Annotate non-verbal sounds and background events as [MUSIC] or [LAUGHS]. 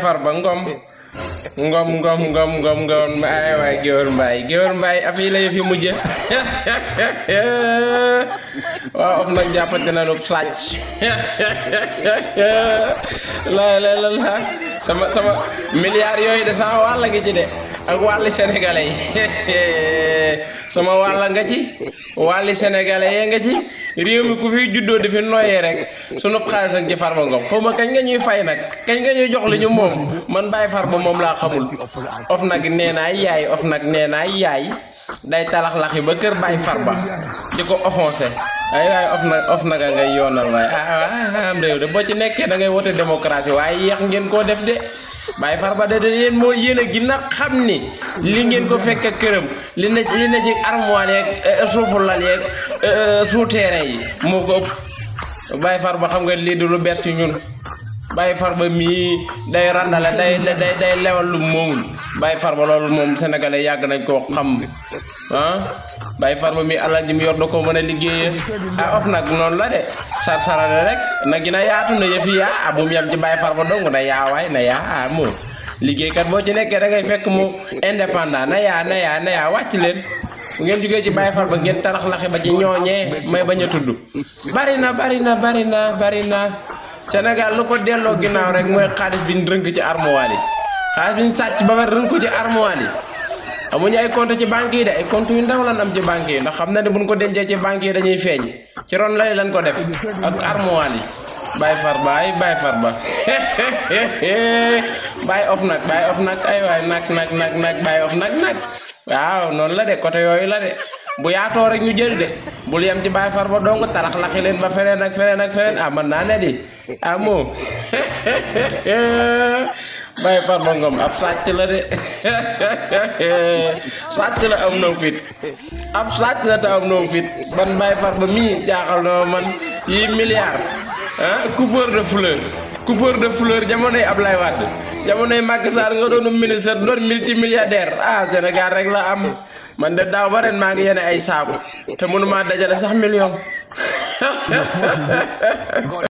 far ba Ngom ngom ngom ngom ngom ngom ay way gior mbay gior mbay afi lay fi mujjé wa of nak jàppante na lub sacc la la la la sama sama milliard yoy de sama wal nga ci de ak wàlli sénégalais sama wàll nga ci wàlli sénégalais nga ci réew mi ku fi juddoo di fi noyyee rek sunu xaalis ak ci Farba Ngom xaw ma kañ nga ñuy fay nag kañ nga ñuy jox lañu ñu moom man bàyyi ba moom laa xamul of nag nee naa yaay of nag nee naa yaay day talax-lax yi ba kër bàyyi Farba di ko offensé ay waaye of nag of a ngay yoonal waaye ah, ah, ah, ah am réew de boo ci nekkee da ngay wote démocratie waaye yéex ngeen koo def de bàyyi Farba de de yéen moo yéen a gi nag xam ni li ngeen ko fekk këram li ne li ne ci armoire yeeg suufu eh, eh, lal yeeg eh, sous terrain yi moo ko ëpp Baye Farba xam nga lii du lu bett ci ñun Baye Farba mii day randale day day day lewal lu moomul Baye Farba loolu moom sénégalais yàgg nañ koo xam ah Baye Farba mii alal ji yor da koo mën a ah of nag noonu la de sar sarale rek nag dina yaatu na yëfi yaa ah bu mu yem ci Baye Farba dong na yaa waay na yaa ah moom kat bo ci nekkee da ngay fekk mu indépendant na ya na ya na ya wacc leen bu ngeen jógee ci baye Faal ba ngeen tarax laxe ba ci ñooñee may baña tuddu bari na bari na bari na bari na Sénégal lu ko delloo ginaaw rek moy xaalis biñ rënk ci armoire yi xaalis bi ba war rënk ci armoire ya compte ci banque yi de ay compte yu ndaw lan am ci banque yi ndax xamna na ne buñ ko dencee ci banque yi dañuy feñ ci ron lay lan ko def ak armoire Baye Far ba ay Baye Far ba [LAUGHS] Baye of nag Baye of nag ay waay nag nag nak nag Baye of nag nag waaw noonu la de côté yooyu la de bu yaatoo rek ñu jël de bul yem ci Baye Far ba dong tarax laxi leen ba feneen ak feneen ak feneen ah man di ah Baye Farba Ngom ab sàcc la de sàcc la am na fit ab sàcc la te am na fit man Baye Farba mii jaaxal na man yi milliard ah coupeur de fleur coupeur de fleur jamonoy Ablaye Wade jamonoy Macky Sall nga doon um ministre doon multimilliardaire ah Sénégal rek la am man de daaw ba ren maa ngi yéene ay saabu te mënuma dajale sax million. [LAUGHS]